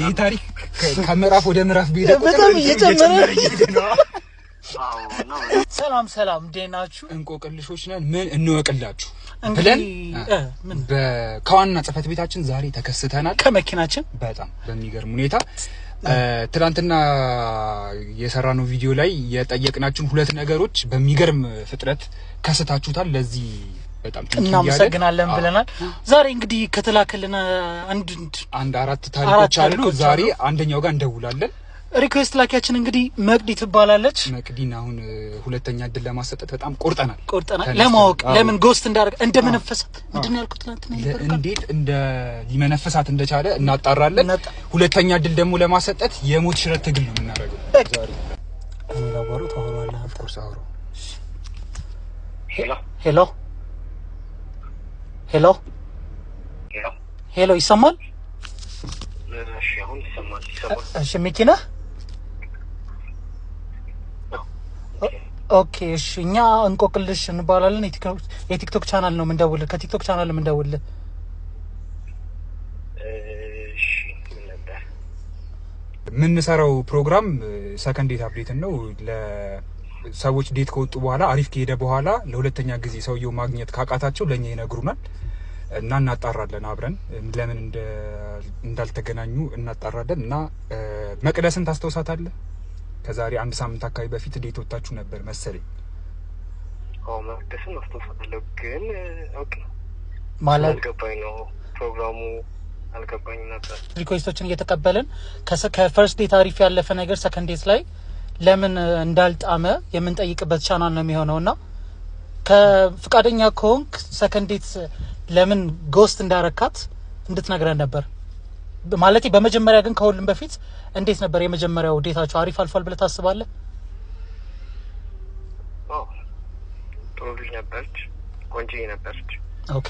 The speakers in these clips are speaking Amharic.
ይህ ታሪክ ከምዕራፍ ወደ ምዕራፍ ብሄደ በጣም እየጨመረ ሰላም ሰላም፣ እንዴት ናችሁ? እንቆቅልሾች ነን ምን እንወቅላችሁ ብለን ከዋና ጽሕፈት ቤታችን ዛሬ ተከስተናል። ከመኪናችን በጣም በሚገርም ሁኔታ ትናንትና የሰራነው ቪዲዮ ላይ የጠየቅናችሁን ሁለት ነገሮች በሚገርም ፍጥነት ከስታችሁታል። ለዚህ እናመሰግናለን ብለናል። ዛሬ እንግዲህ ከተላከልን አንድ አንድ አራት ታሪኮች አሉ። ዛሬ አንደኛው ጋር እንደውላለን። ሪኩዌስት ላኪያችን እንግዲህ መቅዲ ትባላለች። መቅዲን አሁን ሁለተኛ እድል ለማሰጠት በጣም ቆርጠናል ቆርጠናል። ለማወቅ ለምን ጎስት እንዳደረገ እንደ መነፈሳት ምንድን ነው ያልኩት ትናንትና እንዴት እንደ ሊመነፈሳት እንደቻለ እናጣራለን። ሁለተኛ እድል ደግሞ ለማሰጠት የሞት ሽረት ትግል ነው የምናደርገው ዛሬ። ሄሎ ሄሎ ሄሎ ሄሎ፣ ይሰማል? እሺ ሚኪ ነህ? ኦኬ እሺ፣ እኛ እንቆቅልሽ እንባላለን። የቲክቶክ ቻናል ነው የምንደውልህ፣ ከቲክቶክ ቻናል የምንደውልህ። uh, የምንሰራው ፕሮግራም ሰከንዴት uh, አፕዴትን ነው ሰዎች ዴት ከወጡ በኋላ አሪፍ ከሄደ በኋላ ለሁለተኛ ጊዜ ሰውየው ማግኘት ካቃታቸው ለእኛ ይነግሩናል እና እናጣራለን። አብረን ለምን እንዳልተገናኙ እናጣራለን። እና መቅደስን ታስታውሳታለህ? ከዛሬ አንድ ሳምንት አካባቢ በፊት ዴት ወጥታችሁ ነበር መሰለኝ። መቅደስን አስታውሳታለሁ፣ ግን ማለት አልገባኝ ነው ፕሮግራሙ አልገባኝ ነበር። ሪኩዌስቶችን እየተቀበልን ከፈርስት ዴት አሪፍ ያለፈ ነገር ሰከንድ ዴት ላይ ለምን እንዳልጣመ የምንጠይቅበት ቻናል ነው የሚሆነው እና ከፍቃደኛ ከሆንክ ሰከንዴት ለምን ጎስት እንዳረካት እንድትነግረን ነበር። ማለት በመጀመሪያ ግን ከሁሉም በፊት እንዴት ነበር የመጀመሪያው ዴታችሁ? አሪፍ አልፏል ብለህ ታስባለህ? ጥሩ ልጅ ነበረች፣ ቆንጆ ነበረች። ኦኬ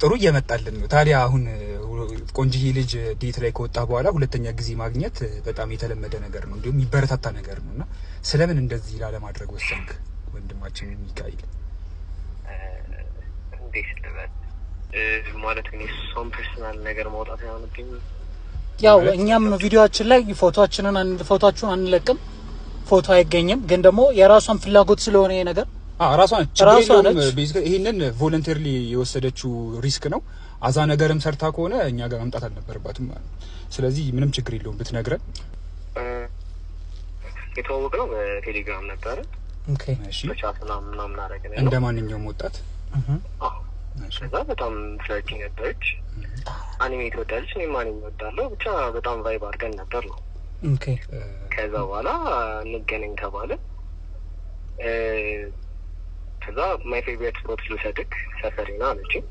ጥሩ እየመጣልን ነው። ታዲያ አሁን ቆንጅዬ ልጅ ዴት ላይ ከወጣ በኋላ ሁለተኛ ጊዜ ማግኘት በጣም የተለመደ ነገር ነው፣ እንዲሁም የሚበረታታ ነገር ነው እና ስለምን እንደዚህ ላለማድረግ ወሰንክ? ወንድማችን ሚካኤል ማለት ፐርሰናል ነገር ማውጣት ያው እኛም ቪዲዮችን ላይ ፎቶችንን ፎቶችሁን አንለቅም፣ ፎቶ አይገኝም። ግን ደግሞ የራሷን ፍላጎት ስለሆነ ይሄ ነገር ራሷ ነች። ይህንን የወሰደችው ሪስክ ነው። አዛ ነገርም ሰርታ ከሆነ እኛ ጋር መምጣት አልነበረባትም። ስለዚህ ምንም ችግር የለውም ብትነግረን። የተዋወቅ ነው በቴሌግራም ነበረ እንደ ማንኛውም ወጣት ከዛ በጣም ፍላጅ ነበረች። አኒሜ ትወዳለች፣ እኔም አኒሜ እወዳለሁ። ብቻ በጣም ቫይብ አድርገን ነበር ነው። ከዛ በኋላ እንገናኝ ተባለ። ከዛ ማይ ፌቨሪት ስፖርት ልውሰድክ ሰፈሪና ና አለችኝ።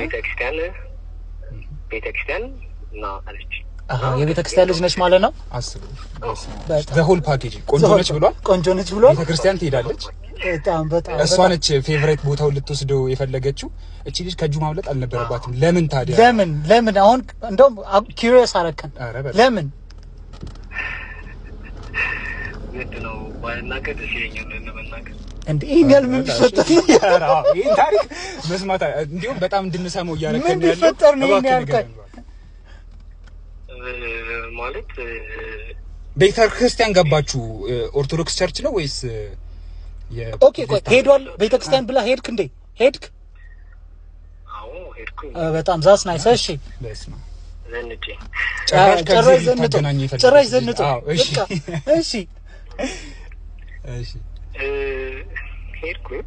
ቤተክርስቲያን የቤተክርስቲያን ልጅ ነች ማለት ነው። ሆል ፓኬጅ ቆንጆ ነች ብሏል። ቆንጆ ነች ብሏል። ቤተክርስቲያን ትሄዳለች። በጣም በጣም እሷ ነች ፌቨሬት ቦታውን ልትወስደው የፈለገችው። እቺ ልጅ ከእጁ ማብለጥ አልነበረባትም። ለምን ታዲያ ለምን ለምን አሁን እንደውም ኪሪየስ አረከን ለምን ግድ ነው ባይናገድ ሲኛል ለመናገር እንዴ ይሄን ያህል ምን ቢፈጠር ይሄን ታሪክ መስማት እንዲሁም በጣም እንድንሰማው እያደረገ ምን ቢፈጠር ነው ይሄን ያህል ማለት ቤተ ክርስቲያን ገባችሁ? ኦርቶዶክስ ቸርች ነው ወይስ? ኦኬ ቆይ ሄዷል ቤተ ክርስቲያን ብላ ሄድክ እንዴ? ሄድክ? አዎ ሄድኩ። በጣም ዛስ ናይስ። እሺ ጭራሽ ዘንጦ ጭራሽ ዘንጦ። እሺ ሄድኩኝ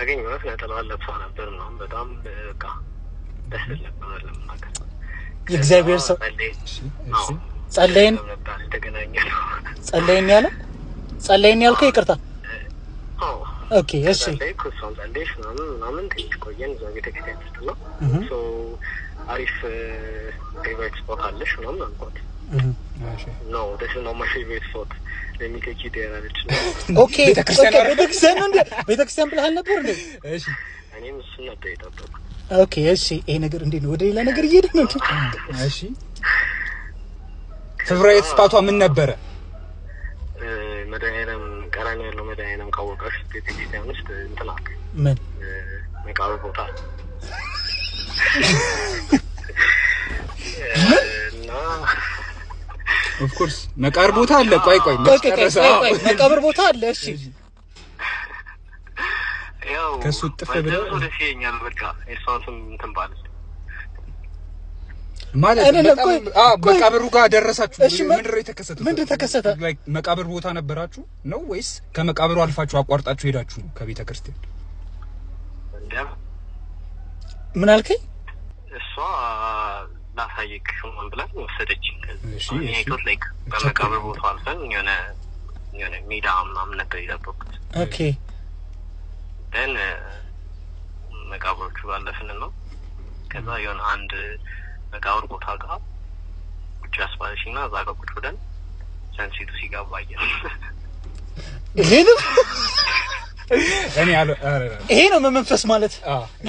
አገኘኋት። ነጠላዋን ለብሳ ነበር ነው በጣም በቃ ደስ ነበር ለመናገር የእግዚአብሔር ሰው ጸለይን ጸለይን ያለ ጸለይን ይቅርታ ኦኬ እሺ እሷም ምናምን ምናምን ትንሽ ቆየን እዛ ቤተክርስቲያን ውስጥ ነው አሪፍ ሪቫይት ስፖት አለሽ ምናምን አልኳት ነው ቤተክርስቲያን ነው እንደ ቤተክርስቲያን ብለሃል ነበር እንዴ? ኦኬ እሺ። ይሄ ነገር እንዴት ነው? ወደ ሌላ ነገር እየሄደ ነው። እሺ ፍቅረ ስጣቷ ምን ነበረ? መድኃኒዓለም ቀራኒ ያለው መድኃኒዓለም ካወቃሽ ቤተክርስቲያን ውስጥ እንትን ምን መቃብር ቦታ ኦፍ ኮርስ መቃብር ቦታ አለ። ቆይ ቆይ መቃብር ቦታ አለ። እሺ ያው ከሱ ጥፍ ብለው ደስ ይለኛል። በቃ የሷንም እንትን ባለ ማለት መቃብሩ ጋር ደረሳችሁ? ምንድን ነው የተከሰተው? ምንድን ተከሰተ? መቃብር ቦታ ነበራችሁ ነው ወይስ ከመቃብሩ አልፋችሁ አቋርጣችሁ ሄዳችሁ ነው ከቤተ ክርስቲያን? ምን አልከኝ? እሷ ላሳይክ ሽሞን ብላ ወሰደች። ቶት ላይክ በመቃብር ቦታ አልፈን የሆነ የሆነ ሜዳ ምናምን ነበር የጠበቁት። ኦኬ ደን uh, መቃብሮቹ ባለፍን ነው። ከዛ የሆነ አንድ መቃብር ቦታ ጋር ቁጭ አስባለች እና እዛ ጋር ቁጭ ብለን ሰንሴቱ ሲጋባ አየን። ይሄንም ይሄ ነው መመንፈስ ማለት።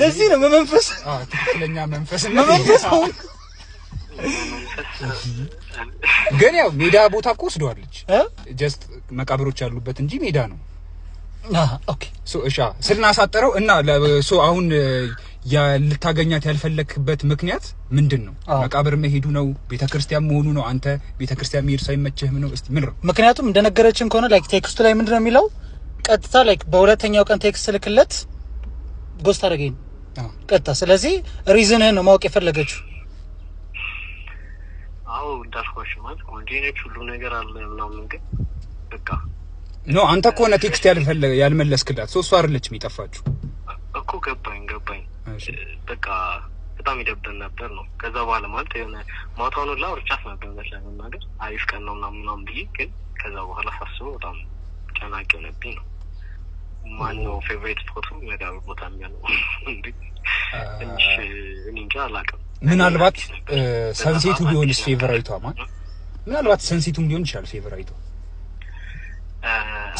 ለዚህ ነው መመንፈስ ትክክለኛ መንፈስ መመንፈስ ግን ያው ሜዳ ቦታ እኮ ወስደዋለች። ጀስት መቃብሮች ያሉበት እንጂ ሜዳ ነው። እሺ ስናሳጠረው እና አሁን ልታገኛት ያልፈለክበት ምክንያት ምንድን ነው? መቃብር መሄዱ ነው? ቤተክርስቲያን መሆኑ ነው? አንተ ቤተክርስቲያን መሄድ ሳይመችህም ነው? እስቲ ምን ነው? ምክንያቱም እንደነገረችን ከሆነ ላይክ ቴክስቱ ላይ ምንድን ነው የሚለው? ቀጥታ ላይክ በሁለተኛው ቀን ቴክስት ልክለት ጎስት አደረገኝ ቀጥታ። ስለዚህ ሪዝንህን ነው ማወቅ የፈለገችው አዎ እንዳልኳሽ ማለት ጓደኞች ሁሉ ነገር አለ ምናምን፣ ግን በቃ ኖ አንተ ከሆነ ቴክስት ያልፈለገ ያልመለስክላት ሶስቱ አይደለች አይደለችም እኮ ገባኝ ገባኝ። በቃ በጣም ይደብን ነበር ነው። ከዛ በኋላ ማለት የሆነ ማታውን ሁላ አውርቻት ነበር ነት ለመናገር አሪፍ ቀን ነው ምናምን ምናምን ብዬ፣ ግን ከዛ በኋላ ሳስበው በጣም ጨናቂ ሆነብኝ ነው። ማነው ፌቨሬት ፎቶ መዳብ ቦታ የሚያለው እንዴ? እንጂ እኔ እንጃ አላውቅም ምናልባት ሰንሴቱ ቢሆንስ ፌቨራይቷ ማ ምናልባት ሰንሴቱም ሊሆን ይችላል ፌቨራይቷ።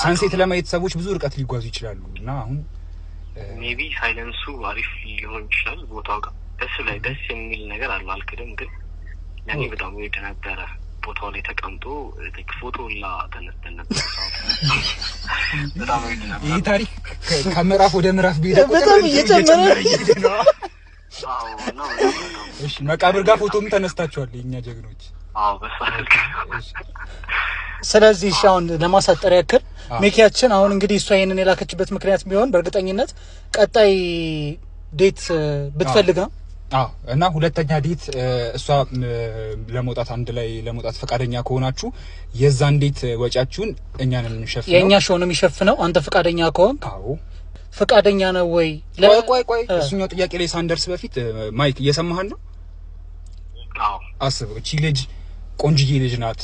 ሰንሴት ለማየት ሰዎች ብዙ እርቀት ሊጓዙ ይችላሉ እና አሁን ሜቢ ሳይለንሱ አሪፍ ሊሆን ይችላል። ቦታው ጋር ደስ ላይ ደስ የሚል ነገር አለ። አልክድም፣ ግን ያኔ በጣም ወደ ነበረ ቦታው ላይ ተቀምጦ ፎቶ ላ ተነስተን ነበር። ይህ ታሪክ ከምዕራፍ ወደ ምዕራፍ ቤሄደ በጣም እየጨመረ ነው እሺ መቃብር ጋር ፎቶም ተነስታችኋል የእኛ ጀግኖች። ስለዚህ እሺ አሁን ለማሳጠር ያክል ሜኪያችን አሁን እንግዲህ እሷ ይሄንን የላከችበት ምክንያት ቢሆን በእርግጠኝነት ቀጣይ ዴት ብትፈልጋ ነው። አዎ እና ሁለተኛ ዴት እሷ ለመውጣት አንድ ላይ ለመውጣት ፈቃደኛ ከሆናችሁ የዛን ዴት ወጪያችሁን እኛን የምንሸፍነው የእኛ ሾው ነው የሚሸፍነው። አንተ ፈቃደኛ ከሆን አዎ ፈቃደኛ ነው ወይ? ቆይ ቆይ እሱኛው ጥያቄ ላይ ሳንደርስ በፊት ማይክ እየሰማህ ነው? አስበው፣ እቺ ልጅ ቆንጅዬ ልጅ ናት፣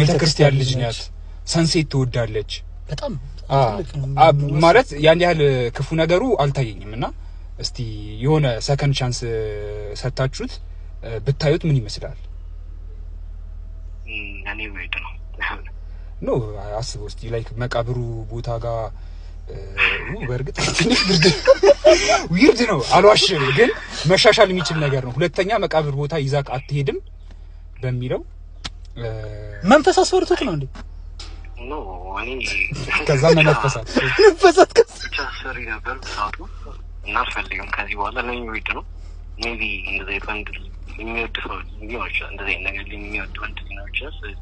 ቤተክርስቲያን ልጅ ናት፣ ሰንሴት ትወዳለች በጣም ማለት ያን ያህል ክፉ ነገሩ አልታየኝም። እና እስቲ የሆነ ሰከንድ ቻንስ ሰታችሁት ብታዩት ምን ይመስላል? እኔ ነው ነው አስበው እስቲ ላይክ መቃብሩ ቦታ ጋር በእርግጥ ትንሽ ዊርድ ነው አልዋሽም፣ ግን መሻሻል የሚችል ነገር ነው። ሁለተኛ መቃብር ቦታ ይዛቅ አትሄድም በሚለው መንፈስ አስወርቶት ነው እንዴ? ከዛ መነፈሳት ነፈሳት ከሰሪ ነበር እና አልፈልግም ከዚህ በኋላ ነው ነው እንደዚህ ወንድ የሚወድ ሰው ይችላል። እንደዚህ ነገር የሚወድ ወንድ ይችላል።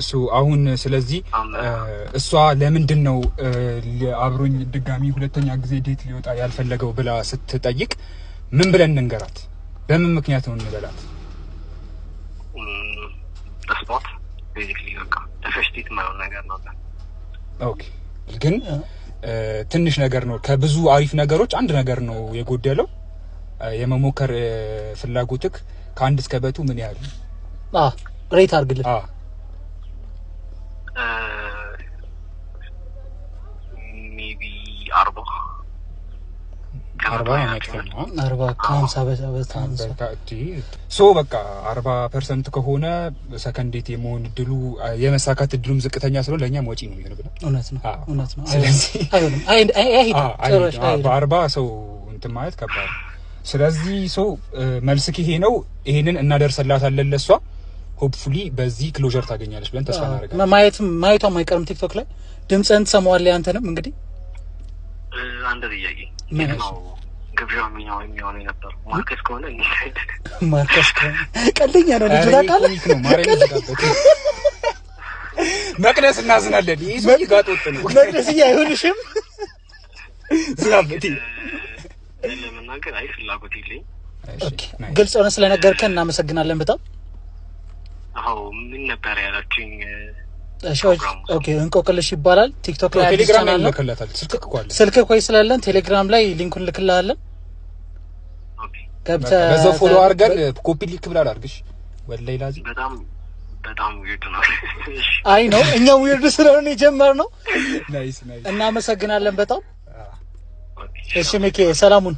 እሱ አሁን ስለዚህ እሷ ለምንድን ነው አብሮኝ ድጋሚ ሁለተኛ ጊዜ ዴት ሊወጣ ያልፈለገው ብላ ስትጠይቅ ምን ብለን እንንገራት? በምን ምክንያት ነው እንበላት? ነገር ኦኬ ግን ትንሽ ነገር ነው ከብዙ አሪፍ ነገሮች አንድ ነገር ነው የጎደለው። የመሞከር ፍላጎትክ ከአንድ እስከ በቱ ምን ያህል ሬት አርግልን? ሜቢ አርባ አርባ መክፈል ከሀምሳ በጣም በቃ አርባ ፐርሰንት ከሆነ ሰከንዴት የመሆን እድሉ የመሳካት እድሉም ዝቅተኛ ስለሆነ ለእኛም ወጪ ነው የሚሆን ብለ እውነት ነው እውነት ነው። ስለዚህ በአርባ ሰው እንትን ማለት ከባድ ስለዚህ ሰው መልስክ ይሄ ነው። ይሄንን እናደርሰላታለን ለሷ ሆፕፉሊ በዚህ ክሎዥር ታገኛለች ብለን ተስፋ እናደርጋለን። ማየትም ማየቷ አይቀርም ቲክቶክ ላይ ድምፅህን ትሰማዋለህ። አንተንም እንግዲህ አንድ ጥያቄ ግብዣ ሚኛው የሚሆነ ነበር ማርከስ ከሆነ ማርከስ ከሆነ ቀልደኛ ነው ልጁ ታውቃለህ። መቅደስ እናዝናለን። ይህ ሰው ጋጥ ወጥ ነው። መቅደስ እያ አይሆንሽም። ለመናገር አይ ፍላጎት የለኝም። ግልጽ ሆነ ስለነገርከን እናመሰግናለን በጣም አዎ ምን ነበር ያላችሁኝ? እንቆቅልሽ ይባላል። ቲክቶክ ላይ ስልክ ኮይ ስላለን ቴሌግራም ላይ ሊንኩን ልክልሃለን። ገብተህ ፎሎ አድርገን ኮፒ ሊክ ብላል አድርግሽ ወላሂ ላዚ በጣም በጣም ዊርድ ነው። አይ ነው እኛ ዊርድ ስለሆነ የጀመርነው። ናይስ ናይስ። እናመሰግናለን በጣም እሺ። ሚኬ ሰላሙን።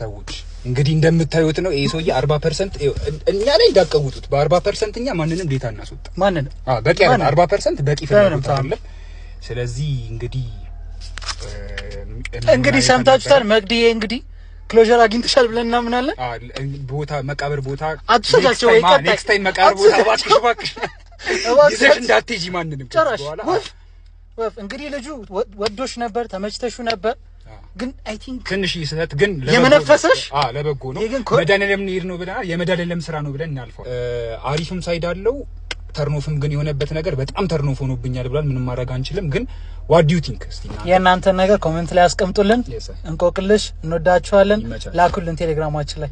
ሰዎች እንግዲህ እንደምታዩት ነው። ይሄ ሰውዬ 40% እኛ ላይ እንዳቀውጡት በ40% እኛ ማንንም ዴታ እናስወጣ ማንን አዎ፣ በቂ አይደለም 40% በቂ ፍላጎት አለ። ስለዚህ እንግዲህ እንግዲህ ሰምታችሁታል። መግዲዬ እንግዲህ ክሎዥር አግኝተሻል ብለን እናምናለን። ቦታ መቃብር ቦታ አትሰጃቸው ወይ ቀጣይ ኔክስት ታይም መቃብር ቦታ እባክሽ እባክሽ ይዘሽ እንዳትሄጂ ማንንም ጨራሽ። ወፍ ወፍ እንግዲህ ልጁ ወዶሽ ነበር፣ ተመችተሹ ነበር ግን አይ ቲንክ ትንሽ ስህተት ግን የመነፈሰሽ ለበጎ ነው። መድኃኒዓለም እንሄድ ነው ብለናል። የመድኃኒዓለም ስራ ነው ብለን እናልፈዋል። አሪፍም ሳይድ አለው ተርኖፍም ግን የሆነበት ነገር በጣም ተርኖፍ ሆኖብኛል ብሏል። ምንም ማድረግ አንችልም። ግን ዋት ዱ ቲንክ እስቲ የእናንተን ነገር ኮሜንት ላይ አስቀምጡልን። እንቆቅልሽ እንወዳችኋለን። ላኩልን ቴሌግራማችን ላይ